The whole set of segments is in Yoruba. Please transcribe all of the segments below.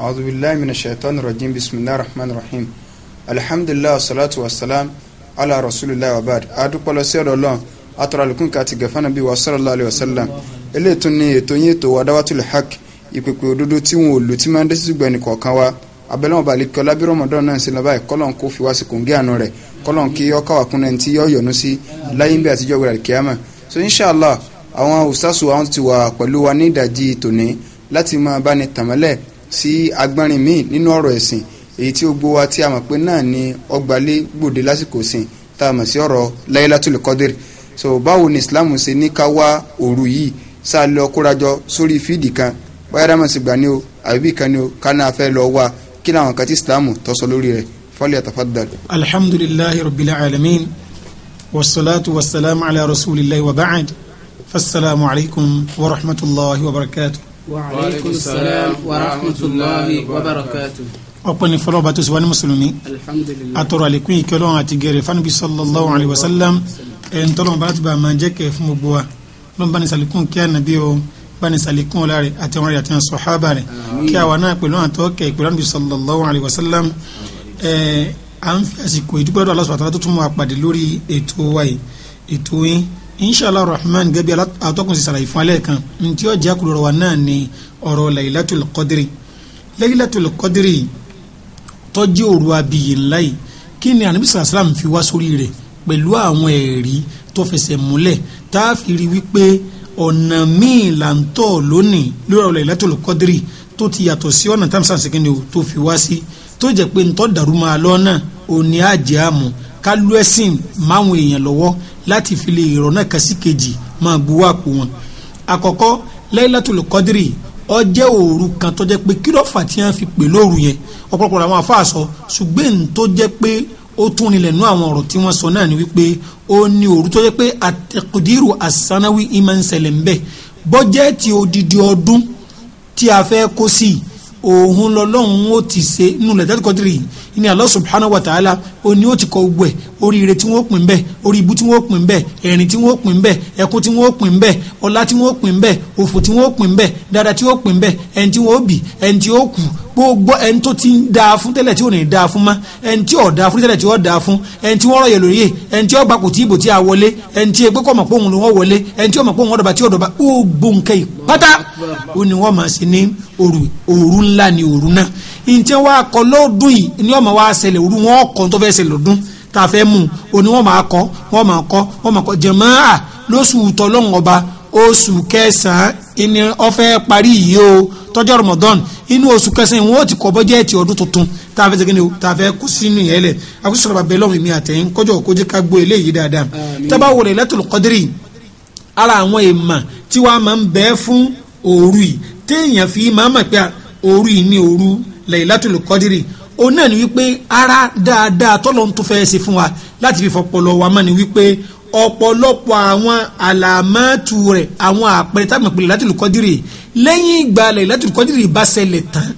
أعوذ بالله من الشيطان الرجيم بسم الله الرحمن الرحيم الحمد لله والصلاة والسلام على رسول الله وبعد أدوكو لسير الله أترى لكم كاتي غفانا بي وصلى الله عليه وسلم ilé ètò ni ètò yín ètò adáwátúlẹ̀ hak ìpèpè òdodo tí wọn ò lò tí máa ń dẹ́sí gbẹ̀ni kọ̀ọ̀kan wa abẹ́lẹ́wọ̀n balẹ̀ kí ọlábí rọmọdán náà sí lọ́ba ìkọlọ́n kó fi wá sí kòǹgẹ́ àánú rẹ̀ kọlọ́n kí ọkà wà kún ẹni tí yọ yọ̀nú sí láyé ń bẹ àtijọ́ gbẹ̀rẹ̀ kíámà so inshallah àwọn ustaasu àwọn ti wà pẹ̀lú wa ní ìdajì tòní láti máa bá ni tàmọ́lẹ̀ sí agbọ́nrin míì nínú ọ̀rọ̀ ẹ̀sìn èyí tí ó gbó wa tí a mọ̀ pé náà ni ọgbàlé gbòde lásìkò sìn tá a mọ̀ sí ọ̀rọ̀ Laylatul Qadr so báwo ni Islam ṣe ní ká wá òru yìí sáà lọ sórí fídì kan báyà dámọ̀ sí gbà ní o àbíbí kan ní o kánà afẹ́ lọ wá kí làwọn kan tí Islam tó sọ lórí rẹ̀ falyatafaddal. alhamdulillahi rabbil alamin wasalaatu wasalaamu ala rasulillahi wa ba'd fasalaamu alaykum wa rahmatulahi wa barakatuh. وعليكم السلام ورحمة الله وبركاته. barakatu. ọ̀pọ̀ ni fọlọ́ bá tó ṣe wá ní mùsùlùmí. alhamdulilayi. àtọ̀rọ̀ àlékún yìí kẹlọ́n àti gẹ̀rẹ̀ fanibi sallallahu alayhi wa sallam ẹ̀ ń tọ́lọ́ bá ti bá a máa jẹ́ kẹ́ fún gbogbo wa lọ́n bá ní sàlékún kí á nàbí o bá ní sàlékún ọ̀la àti àwọn rẹ̀ àti àwọn sọ̀hábà rẹ̀ kí àwa náà pẹ̀lú àtọ́ kẹ̀ ìpè fanibi sallallahu alayhi wa sallam ẹ̀ à ń fi àsìkò ìdúgbò inshallah rahman gẹbi atọ́kùn sí sàlàyé fún alẹ́ kan ntí ó jẹ́ kúrò wa náà ni ọ̀rọ̀ laylatul qadri laylatul qadri tọ́jú òru abiyì ńlá yìí kí ni anabi sallallahu alayhi wa sallam fi wá sórí rẹ̀ pẹ̀lú àwọn ẹ̀rí tó fẹsẹ̀ múlẹ̀ tá a fi rí wípé ọ̀nà míì là ń tọ̀ lónìí lórí ọ̀rọ̀ laylatul qadri tó ti yàtọ̀ sí ọ̀nà tamsan sẹ́kẹ́ndì tó fi wá sí tó jẹ́ pé ntọ́ dàrú máa lọ́nà òní àjẹ́ àmọ́ kálú ẹ̀sìn máwọn èèyàn lọ́wọ́ láti fi lè rọ̀nà kàsí kejì máa buwọ́ àpò wọn. àkọ́kọ́ Lailatul Qadri ó jẹ́ òru kan tó jẹ́ pé kí ló fà tí wọ́n fi pè lóru yẹn ọ̀pọ̀lọpọ̀ àwọn àfáà sọ ṣùgbọ́n tó jẹ́ pé ó tún nílẹ̀ nú àwọn ọ̀rọ̀ tí wọ́n sọ náà ni wípé ó ní òru tó jẹ́ pé àtẹ̀kùdírù àsánáwí ìmọ̀ ń ṣẹlẹ̀ ń bẹ̀ bọ́jẹ́ẹ̀tì odidi ọdún tí a fẹ́ kó sí i òun lọlọ́run ó ti ṣe nínú lẹ́tẹ́tì kọ́tìrì ní Allah subhanahu wa ta'ala ó ní ó ti kọ gbogbo ẹ̀ tí wọ́n pín orí ibu tí wọ́n pín bẹ́ẹ̀ tí wọ́n pín bẹ́ẹ̀ ẹkún tí wọ́n pín bẹ́ẹ̀ ọlá tí wọ́n pín bẹ́ẹ̀ òfò tí wọ́n pín bẹ́ẹ̀ dada tí wọ́n pín bẹ́ẹ̀ ẹni tí wọ́n bì ẹni tí gbogbo ẹni tó ti ń da fún tẹ́lẹ̀ tí ò ní da fún mọ́ ẹni tí ò da fún tẹ́lẹ̀ tí ò da fún ẹni tí wọ́n rọ̀ yẹ̀ lóye ẹni tí ó gbapò tí ibò tí a wọlé ẹni tí egbé kọ́ mọ̀ pé òun ló wọ́n wọlé ẹni tí ó mọ̀ pé òun ọ̀dọ̀ba tí ọ̀dọ̀ba gbogbo nǹkan yìí pátá ó ní wọ́n máa ṣe ní òru ńlá ni òru náà ìǹtẹ́ wa kọ́ lọ́dún yìí ni wọ́n máa wá ṣẹlẹ̀ òru wọn kọ́ tó fẹ́ ṣẹlẹ̀ lọ́dún tá a fẹ́ mú un ó ní wọ́n máa kọ́ wọ́n máa kọ́ wọ́n máa kọ́ jẹ̀mọ́ à lóṣù tọ́lọ́run ọba oṣù kẹsàn-án ni ọfẹ́ parí yìí o tọ́jọ́ Ramadan inú oṣù kẹsàn-án wọn ò ti kọ́ bọ́jẹ́ẹ̀tì ọdún tuntun tá a fẹ́ segin ni o tá a fẹ́ kó sínú yẹn lẹ̀ akóso sábà bẹ́ẹ̀ lọ́wọ́ mi àtẹ̀yìn kọjọ́ kó ká gbọ́ eléyìí dáadáa tábà wò lè lẹ́tọ̀lù ara àwọn èèmọ̀ tí wàá máa ń bẹ́ẹ̀ fún òru yìí téèyàn fi máa mọ̀ pé òru yìí ni òru Laylatul Qadri òun náà ni wípé ara dáadáa tọ́lọ́run tó fẹ́ẹ́ ṣe fún wa láti fi ọ̀pọ̀lọpọ̀ àwọn àlàmọ́tù rẹ̀ àwọn àpẹẹrẹ táwọn àpẹẹrẹ láti lùkọ́dìrì lẹ́yìn ìgbà rẹ̀ láti lùkọ́dìrì bá ṣẹlẹ̀ tán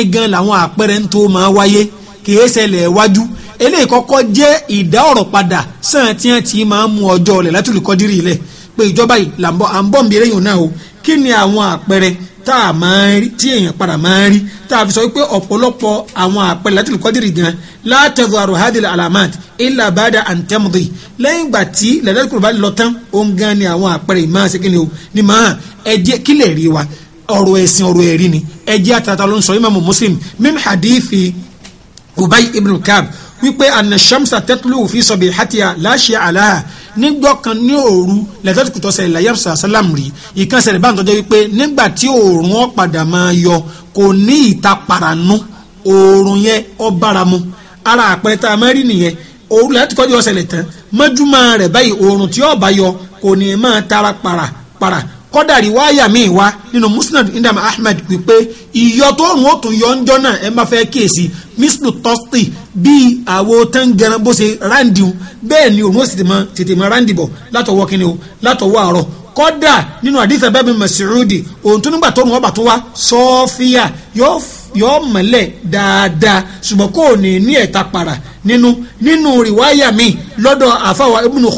igan làwọn àpẹẹrẹ ń tó máa wáyé kìí ṣẹlẹ̀ wájú eléyìí kọ́kọ́ jẹ́ ìdá ọ̀rọ̀ padà sàn tí wọ́n ti máa ń mú ọjọ́ rẹ̀ láti lùkọ́dìrì lẹ̀ pé ìjọba yìí là ń bọ̀ à ń bọ̀ ń bí eléyìí náà o kí ni àwọn àpẹẹrẹ tá a máa ń rí tí èèyàn padà máa ń rí tá a fi sọ wípé ọ̀pọ̀lọpọ̀ àwọn àpẹẹrẹ láti lùkọ́dìrì gan látẹ̀dọ̀ àròhádìlà alamat ilà bàdà àǹtẹ̀mùdì lẹ́yìn ìgbà tí lẹ́dẹ́kùn bá lọ tán òun gan ni àwọn àpẹẹrẹ ìmáa ṣe o ni máa ẹ jẹ́ kílẹ̀ rí wa ọ̀rọ̀ ẹ̀sìn ọ̀rọ̀ ẹ̀rí ni ẹ àtàtà ló ń sọ imamu muslim min hadithi ubay ibn kab wípé anna shamsa tatlu fi nígbọ́ kan ní òru lẹ́tọ́tì kùtọ́ sẹ̀lẹ̀ láyé ọ̀sán sálàm rí ìkan sẹ̀lẹ̀ báyìí tọ́jọ́ wípé nígbà tí òòrùn ó padà máa yọ kò ní ìta paranú òòrùn yẹn ó bára mu ara àpẹẹrẹ tá a máa rí nìyẹn òòrùn lẹ́tọ́tì sẹ̀lẹ̀ tán mọ́júmọ́ rẹ̀ báyìí òòrùn tí ó yọ kò ní máa tara para para kọ́dà riwaya mi wá nínú musnad indam ahmed wípé ìyọ tó rùn ó tún yọ ń jọ náà ẹ má fẹ́ kíyèsí mislu tọ́sítì bíi àwo tẹ́ǹgẹ̀rán bó ṣe ráǹdì o bẹ́ẹ̀ ni òun ó sì tètè mọ ráǹdì bọ̀ látọwọ́ kíni o látọwọ́ àárọ̀ kọ́dà nínú àdìsẹ́ bẹ́ẹ̀ mi mẹ̀sìrúdì òun tó nígbà tó rùn ọba tó wá sọ́ọ́fíà yọ mọ̀lẹ̀ dáadáa ṣùgbọ́n kò ní ní ẹ̀ta para nínú nínú riwaya mi lọ́dọ̀ àfàwà ibùnú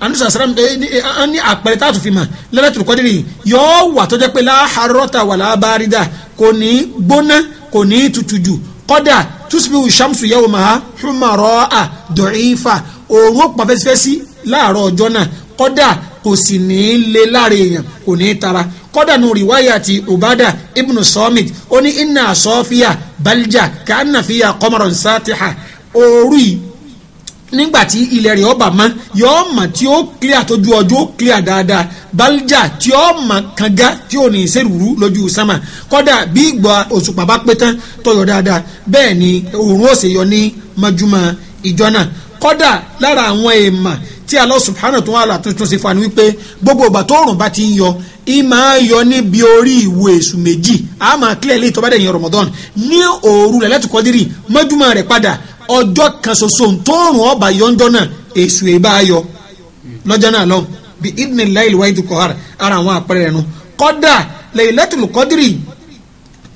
anisa salam an ní àpẹẹrẹ tá a tún fi mà lẹ́lẹ́tùrú kọ́dírì yọ̀ọ́ wà tó jẹ́ pé láhàrọ́ta wà lábárídà kò ní gbóná kò ní tutù jù kọ́dà tusibihu shamsu yẹ́wò máa humarọ́ a dọ̀ífà òórùn ó pa fẹ́sífẹ́sí láàárọ̀ kò sì ní í le láre èèyàn kò ní í tara kọ́dà nù rìwáyà ti ubada ibnu sọ́mìt ó ní inna sọ́fíà balija kàánà kọ́mọ̀rọ̀ nsáàtìhà òórùn yìí nígbàtí ilẹ̀ rẹ̀ ọba mọ́ yọ mà tí ó clear tójú ọjọ́ clear dáadáa balja tí ó mà kanga tí ò ní sẹ́rùrú lójú sámà kọ́dà bí ìgbà òṣùpá bá pé tán tọyọ dáadáa bẹ́ẹ̀ ni òòrùn ó ṣe yọ ní mọ́júmọ́ ìjọ náà kọ́dà lára àwọn èèmà tí Allah subhanahu tó wà lá tuntun ṣe fani wípé gbogbo ìgbà tó òòrùn bá ti ń yọ ìmọ̀ ayọ̀ níbi orí ìwé èṣù méjì àmọ́ clear lè tọ́ bá dẹ̀ yẹn Ramadan ní òòrù lẹ́lẹ́tùkọ́dírì mọ́júmọ́ rẹ̀ padà ọjọ́ kan ṣoṣo ntòrùn ọba yọ̀ǹjọ́ náà èṣù ìbá yọ lọ́jọ́ náà lọ́hùn bí idni láìlì wáyé ti kọ́ ara ara àwọn àpẹẹrẹ rẹ̀ nu kọ́dà Laylatul Qadri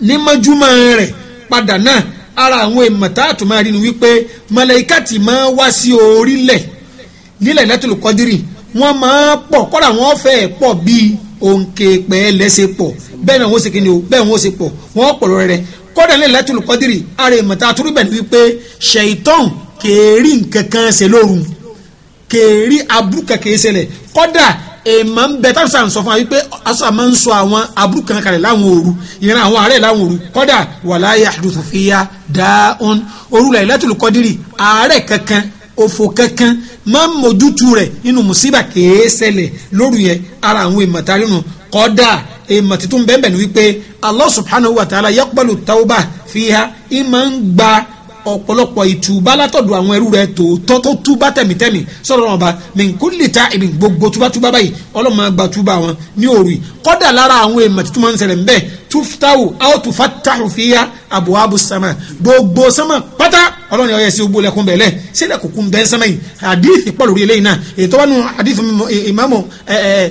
ní mọ́júmọ́ rẹ̀ padà náà ara àwọn èèmọ̀tá àtúmọ̀ rí ni wípé màláíkà tí máa wá sí orílẹ̀ ní Laylatul Qadri wọ́n máa pọ̀ kọ́dà wọ́n fẹ́ pọ̀ bíi òǹkè pẹ́ẹ́lẹ́sẹ̀ pọ̀ bẹ́ẹ̀ náà wọ́n ṣe kí ni o bẹ́ẹ̀ wọ́n ṣe pọ̀ wọ́n pọ̀ lọ́rẹ́rẹ́ kọ́dà lè lẹ́tùlù kọ́dìrì ara ìmọ̀ta àtúrúbẹ̀ ni wípé ṣèitán kèérí nǹkan kan ṣe lóru kèérí abúkà kèé ṣẹlẹ̀ kọ́dà èèmọ̀ ń bẹ táwọn sàn sọ fún wa wípé aṣọ àmọ́ ń sọ àwọn abúkà kalẹ̀ láwọn òru ìran àwọn àárẹ̀ láwọn òru kọ́dà wàlá yahduthu fiya dáhùn orúlẹ̀ lẹ́tùlù kọ́dìrì àárẹ̀ kankan òfò kankan máa ń mójútu rẹ̀ nínú mùsíbà kèé lóru yẹn ara àwọn ìmọ̀ta rírun èèmọ̀ títún bẹ́ẹ̀ bẹ́ẹ̀ ni wípé Allah subhanahu wa ta'ala yaqbalu tawba fiha ìmọ̀ ń gba ọ̀pọ̀lọpọ̀ ìtùbá látọ̀dọ̀ àwọn ẹrú rẹ̀ tòótọ́ tó túbá tẹ̀mítẹ̀mí sọ̀rọ̀ ọ̀ba mìkúlì ta ìbí gbogbo túbátúbá báyìí ọlọ́mọ àgbà túbá wọn ní òòrì kọ́dà lára àwọn èèmọ̀ tuntun máa ń ṣẹlẹ̀ ńbẹ́ tuftahu aw tufatahu fiya abuwabu sama gbogbo sama pátá ọlọ́run ọ̀yẹ́ sí ogbó lẹ́kùn bẹ̀lẹ̀ sí lẹ́kùnkùn bẹ́ẹ̀ sama yìí hadith pọ̀ lórí eléyìí náà ètò wọn nù hadith eh, eh, imamu eh,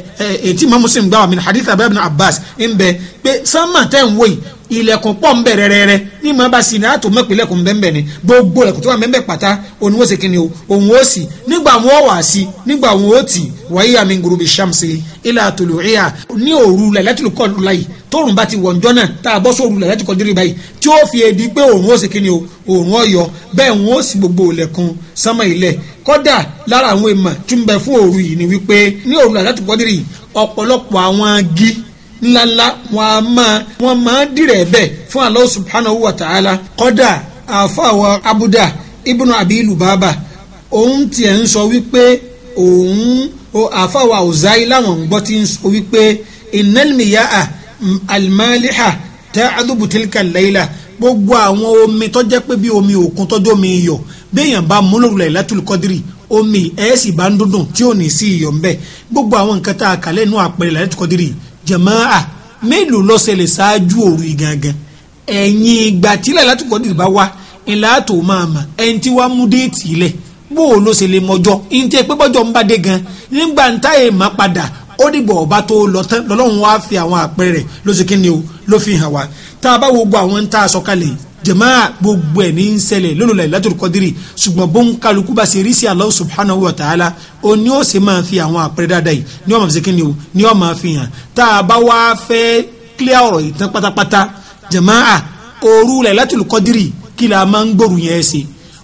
ètí imamu Muslim gbà wà mí hadith abẹ́rẹ́ bin Abbas ń bẹ pé sama tẹ̀ ń wò yìí ilẹ̀kùn pọ̀ ń bẹ̀ rẹ́rẹ́rẹ́ ní màá bá sí ní àtò mọ́pìlẹ̀kùn bẹ́ẹ̀ ni gbogbo ẹ̀kùn tó wà mẹ́mẹ́ pátá òun ó sì kí ni o òun ó sì nígbà wọn ó wà sí nígbà wọn ó tì wáyé àmì gurubi sàmsì ilà àtòlù ìhà ní òru lẹ́lẹ́tìlú kọ́ láyì tóòrùn bá ti wọ̀ njọ́ náà tá a bọ́ sóòrù lẹ́lẹ́tìlú kọ́ báyìí tí ó fi èdè pé òun ó sì kí ni o òun ó yọ bẹ́ẹ̀ wọn ó sì gbogbo ilẹ̀kùn sánmọ́ ilẹ̀ kọ́dà lára àwọn èèmọ̀ tún bẹ fún òru yìí ni wípé ní òru lẹ́lẹ́tìlú kọ́ dírí ọ̀pọ̀lọpọ̀ àwọn agi ńláńlá wọn a máa wọn máa dìrẹ̀ bẹ́ẹ̀ fún Allah subhanahu wa ta'ala kọ́dà àfàwọ̀ abuda ibnu abi lubaba òun tiẹ̀ ń sọ wípé òun àfàwọ̀ àwùzáyí láwọn ń gbọ́ ti ń sọ wípé ìnálmìyá àlmálíhà tá àdúbùtìlkà láìlà gbogbo àwọn omi tó jẹ́ pé bí omi òkun tọ́jú omi iyọ̀ béèyàn bá múlòrò lẹ̀ kọ́dírì omi ẹ̀ sì bá ń dúndùn tí ò ní sí iyọ̀ ń gbogbo àwọn nǹkan tá a kà lẹ́nu àpẹẹrẹ látùlù jẹ̀máà mélòó ló ṣẹlẹ̀ ṣáájú òru ìgangan ẹ̀yìn ìgbà tílẹ̀ látùkọ́ dìrì bá wá ńlá tó máa mà ẹni tí wàá mú déètì ilẹ̀ bó o ló ṣe lè mọjọ́ ntẹ́ pé bọ́jọ́ ń bá dé gan nígbà ń táyè má padà ó dìbò ọba tó lọ tán lọ́lọ́run wá fi àwọn àpẹẹrẹ ló kí ni o ló fi hàn wá tá a bá wo gbọ́ àwọn ń tá a sọ kalẹ̀ yìí jamaa gbogbo ẹ̀ ní ń ṣẹlẹ̀ lólo Lailatul Qadri ṣùgbọ́n bó ń kálukú bá ṣe rí sí subhanahu wa ta'ala o ní ó sì máa fi àwọn àpẹẹrẹ dáadáa yìí ní ọmọ àfẹsẹ̀kẹ́ ni o ní ọmọ àfihàn tá a bá wá fẹ́ kílẹ̀ ọ̀rọ̀ yìí tán pátápátá jamaa òru Lailatul Qadri kí kila máa ń gbòòrò yẹn ṣe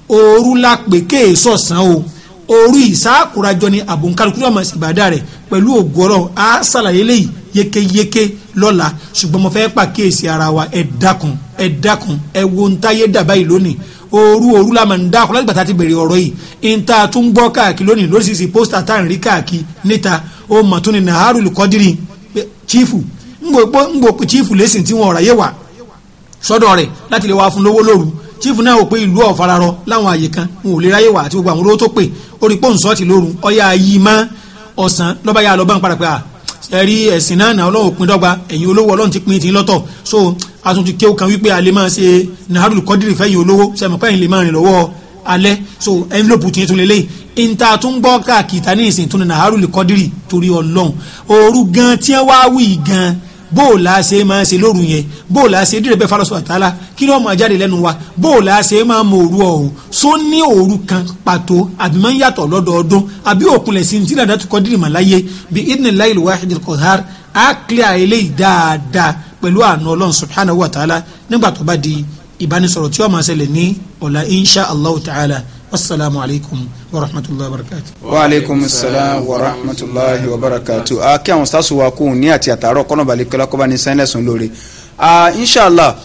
òru la pè kéèso sàn o òru ìsáàkùrajọ ni àbòǹkálukú náà máa ṣèbàdà rẹ̀ pẹ̀lú ògùn ọ̀rọ̀ á ṣàlàyé léyìí yékéyéké lọ́la ṣùgbọ́n mo fẹ́ pàkíyèsí ara wa ẹ dákun ẹ dákun ẹ wo ń táyé dàbá yìí lónìí ooru ooru la máa ń dákun láti gbàtà ti bèrè ọ̀rọ̀ yìí níta tún gbọ́ káàkiri lónìí lóríṣiríṣi pósítà tá à ń rí káàkiri níta ó mọ̀ tún na nàárù lùkọ́dírì chiefu ngbòpò chiefu lẹ́sìn tí wọn ọ̀rọ̀ yé wa sọ́dọ̀ rẹ̀ láti lè wá fún lówó lóru chiefu náà ò pé ìlú ọ̀fararọ láwọn àyè kan n ò lè ẹ̀rí ẹ̀sìn náà náà ọlọ́run pín dọ́gba ẹ̀yin olówó ọlọ́run ti pín ti lọ́tọ̀ so àtúntò kéwù kan wípé a lè máa ṣe nàárù kọ́dìrì fẹ́yìn olówó sẹ́mọ̀pẹ́ yìí lè máa rìn lọ́wọ́ alẹ́ so envelope tiẹ̀ tún lélẹ̀ ìta tún gbọ́ káàkiri ta ní ìsìn tún ní nàárù kọ́dìrì torí ọlọ́run òru gan tí wá wí gan bóòlà ṣe máa ṣe lóru yẹn bóòlà ṣe dídẹ̀ bẹ́ẹ̀ falọ́sọ̀ àtàlà kí ni wọ́n máa jáde lẹ́nu wa bóòlà ṣe máa mọ òru ọ̀hún só ní òru kan pàtó àbí máa ń yàtọ̀ lọ́dọọdún àbí òkunlẹ̀ sí ti dàda tó kọ́ dìrì mà láyé bí idina láyé lè wáhídì kọ́hár á kílẹ̀ eléyìí dáadáa pẹ̀lú àánú ọlọ́run subhanahu wa ta'ala nígbà tó bá di ìbánisọ̀rọ̀ tí wọ́n máa ṣẹlẹ̀ ní ọ̀la insha allah ta'ala wasalaamu alaykum wa rahmatulahi wa barakatu. wa aleykum salaam wa rahmatulahi wa barakatu. a kí àwọn sásù wa kún ní àti àtàrọ kọ́nàbàlẹ̀ kọ́lá kọ́ba ní sáyẹ́nsì lóore. inshàlá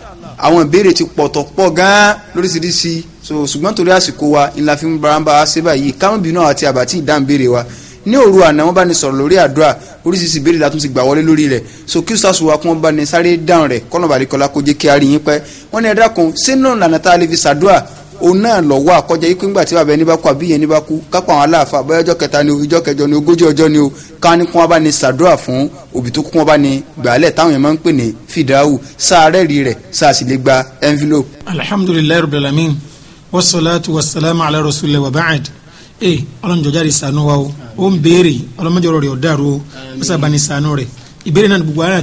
àwọn ìbéèrè ti pọ̀tọ̀ pọ̀ gan-an lóríṣiríṣi so ṣùgbọ́n torí àsìkò wa ńlá fi ń baramba ṣébà yìí káwọn bínú àti àbàtì ìdáǹbéèrè wa ní òru àná wọn bá ní sọ̀rọ̀ lórí àdúrà oríṣiríṣi ìbéèrè la tún ti gbà wọlé lórí rẹ̀ so kí sàṣù wa kí wọ́n bá ní sáré dáhùn rẹ̀ kọ́nà balẹ̀kọ́lá kó jẹ́ kí a rí yín pẹ́ wọ́n ní ẹ̀dá kan sínú ìlànà tá a lè fi ṣàdúrà òun náà lọ wá àkọjá yìí pé ńgbà tí bàbá ẹni bá kú àbí ìyẹn ní bá kú kápá àwọn aláàfáà bóyá ọjọ́ kẹta ni ọjọ́ kẹjọ ni ogójì ọjọ́ ni o káwọn ní kí wọ́n bá ní sàdúrà fún òbí tó kú wọ́n bá ní gbàálẹ̀ táwọn yẹn máa ń pè ní fìdáwù sáárẹ̀ rí rẹ̀ sáà sì lè gba envelope. alhamdulilayi rabbil wasalaatu wasalaamu ala rasulillah wa ba'd ee eh, ọlọ́run jọjá rí sànú wa o ó ń béèrè ọlọ́run jọrọ rẹ̀ ọ̀dàrú o mọ́sàbá ní sànú rẹ̀ ìbéèrè náà gbogbo ara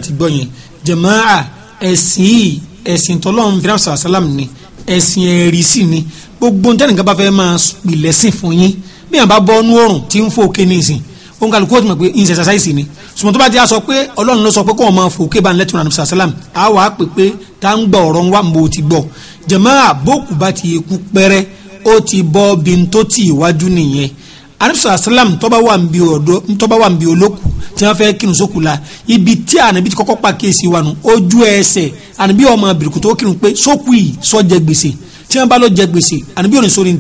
ni ẹ̀sìn ẹ̀rí sì ni gbogbo nítorí nǹkan bá fẹ́ máa pilẹ̀ sí fún yín bí wọn bá bọ́ ọ́nú ọ̀rùn tí ń fòkè ní ìsìn òun kàlùkù ó ti mọ̀ pé ń ṣẹṣẹ ni ṣùgbọ́n tó bá ti á sọ pé ọlọ́run ló sọ pé kó wọn máa fòkè bá ń lẹ́tùnú àdùnsá sálàm á wà á pè pé tá ń gbọ́ ọ̀rọ̀ wa mo ti gbọ́ jẹ̀mọ́ àbókù bá ti kú pẹ́rẹ́ ó ti bọ́ bí n tó tì iwájú nìyẹn anabisa asalam tọba wa nbi ọdọ ntọba wa nbi olóku tí wọn fẹ́ kírun sóku la ibi tí anabi ti kọ́kọ́ pa kéésì wa nù ojú ẹsẹ̀ anabi ọmọ abirikutọ kírun pé sóku yìí sọ jẹ gbèsè tí wọn bá anabi ò ní sori ní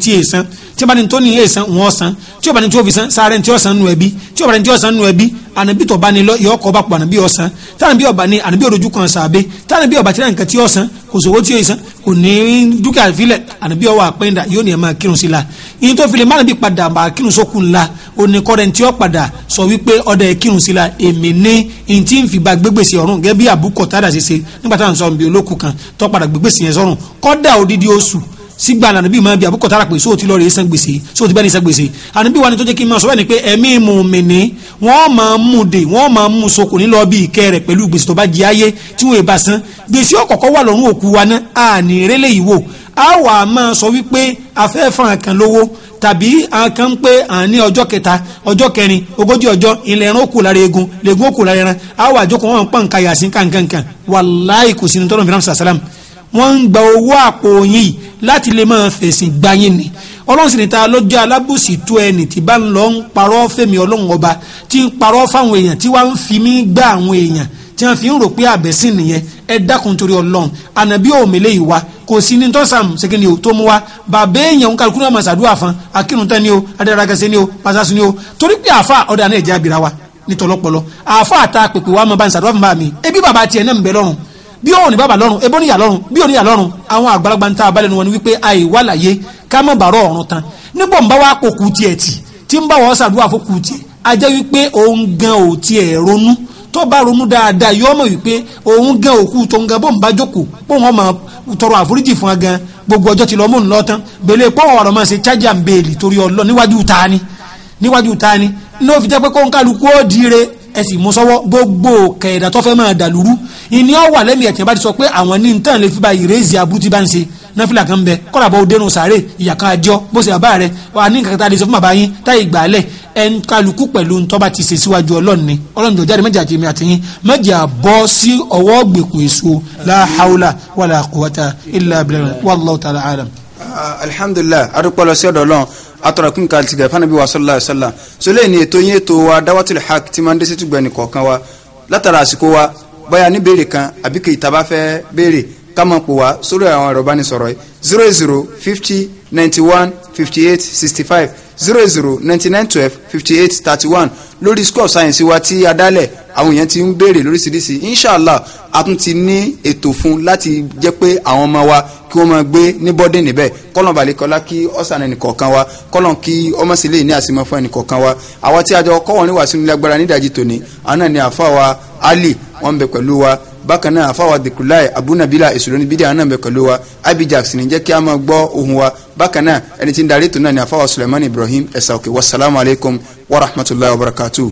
tí o bá ní tó ní ilé san wọn san tí o bá ní tí o fi san sáré ní tí o san nù ẹbí tí o bá ní tí o san nù ẹbí ànàbí tó bá ní lọ yọ ọkọ bá pọ ànàbí ọsàn tànàbí ọba ní ànàbí òdojú kan sàbẹ tànàbí ọba tí nǹkan tí o san kò sówó tí o san kò ní dúkìá filẹ ànàbí ọwọ àpẹndà yóò ní ẹ máa kírun sí la ìyẹn tó filẹ mánàbí padà máa kírun sókun la oníkọrẹ tí o padà sọ wípé ọdẹ kírun sí la èmi ní ìyẹn tí ń fi ba gbégbèsè ọrùn gẹ́gẹ́ bí àbúkọ tádà ṣe ṣe nígbà táwọn sọ sígbà ànàbí máa bí àbúkọ̀ tára pé sóò ti lọ rè é san gbèsè sóò ti bẹ́ẹ̀ ni san gbèsè ànàbí wa ni tó jẹ́ kí n máa sọ bẹ́ẹ̀ ni pé ẹ̀mí mùmìnì wọ́n máa mú de wọ́n máa mú sokò ní lọ bí ìkẹ́ rẹ̀ pẹ̀lú gbèsè tó bá jẹ ayé tí wọ́n bá san gbèsè ọ̀kọ̀ọ̀kọ̀ wà lọ́rùn òkú wa náà àní rẹ́lẹ̀ yìí wò á wà máa sọ wípé afẹ́fàn kan lówó tàbí àkàn pé à ní ọjọ́ kẹta ọjọ́ kẹrin ogójì ọjọ́ ilẹ̀ ẹran òkú lára egun lẹ́gùn òkú lára ẹran àwọn àjọkọ̀ wọn pọ̀ nǹkan yàsín kankankan wàláì kò sí ní tọ́lọ̀ mìíràn wọ́n ń gba owó àpò yìí láti lè máa fẹ̀sìn gbayín ni ọlọ́run sì ní ta lọ́jọ́ alábòsí tó ẹni tí bá ń lọ ń parọ́ fẹ́mi ọlọ́run ọba tí ń parọ́ fáwọn èèyàn tí wàá ń fi mí gbá àwọn èèyàn tí wọ́n fi ń rò pé àbẹ̀sìn nìyẹn ẹ dákun torí ọlọ́run ànàbí òmìnira ìwà kò sí ní tọ́sàm ṣèkìní ò tó mú wa bàbá èèyàn kálukú náà màsàdúrà fún akínú tán ni o adaragẹsẹ ni o pàṣásù ni o torí pé àfa ọ̀dà náà jẹ́ abira wa nítọ́lọ́pọ̀lọ́ àfa àta pèpè wa máa bá ń sàdúrà fún bá mi ebi bàbá tiẹ̀ náà ń bẹ lọ́rùn bí òun ní bàbá lọ́rùn ebó níyà lọ́rùn bí òun níyà lọ́rùn àwọn àgbàlagbà ń ta abalẹ̀ nu wọn wípé àì wà láyé ká mọ̀ bàrọ̀ ọ̀run tán nígbà ń bá wa kó kú tiẹ̀ tì tí ń bá wọn ṣàdúrà fún kú tiẹ̀ a jẹ́ wípé òun gan ò ronú tó tọrọ àforíjì fún gan gbogbo ọjọ́ ti ẹ sì mú sọ́wọ́ gbogbo kẹ̀dà tó fẹ́ máa dàlúrú ìní ọ wà lẹ́mìí ẹ̀tìyàn bá ti sọ pé àwọn ní ntàn lè fi ba ìrèzì aburú ti bá ń ṣe náfìlà kan bẹ kọ́ra bọ́ òdenu sàárè ìyà kan àjọ bó ṣe bàbá rẹ wà ní nǹkan tá a lè sọ fún bàbá yín táyì gbà lẹ̀ kálukú pẹ̀lú ntọ́ ti ṣe síwájú ọlọ́run ni ọlọ́run jọ jáde méjì àjẹmí àtìyín méjì àbọ̀ sí ọwọ́ gbèkùn èso la hawla wala quwwata illa billah wallahu ta'ala alam. alhamdulillah adúpọ̀ lọ sí ọ̀dọ̀ ọlọ́run atọ̀rọ̀ kún kan tìgẹ̀ fanabi wa sallallahu alayhi wa sallam sọlẹ́ ni ètò yín ètò wa dawatul haq ti máa ń dẹ́sẹ̀ tùgbẹ́ ní kọ̀ọ̀kan wa látara àsìkò wa báyà ní béèrè kan àbí kì í taba fẹ́ béèrè ká máa pò wá sórí àwọn ẹ̀rọ bá ní sọ̀rọ̀ yìí zero zero fifty ninety one fifty eight sixty five zero zero ninety nine twelve fifty eight thirty one lórí school of science wa tí a àwọn èèyàn ti ń béèrè lóríṣiríṣi inshallah a tún ti ní ètò fún láti jẹ́ pé àwọn ọmọ wa kí wọ́n máa gbé ní bọ́dẹ̀ níbẹ̀ kọ́lọ́n balẹ̀kọ́lá kí ọ̀sán ẹnìkọ̀ọ̀kan wa kọ́lọ́n kí ọmọ ní àsìmọ́ fún ẹnìkọ̀ọ̀kan wa àwa tí a jọ kọ́ wọn ní wàásù nídàájí tòní àná ni àfa wa ali wọn bẹ pẹ̀lú wa bákan náà àfáwà dìkúláì abúnabila ìṣòlóní bídí àwọn náà bẹ pẹ̀lú wa abijak sì ní jẹ́ kí a máa gbọ́ ohun wa bákan náà ẹni tí ń darí ètò náà ni àfáwà suleiman ibrahim ẹ̀sà òkè wasalaamualeykum wa rahmatulahi wa barakatuh.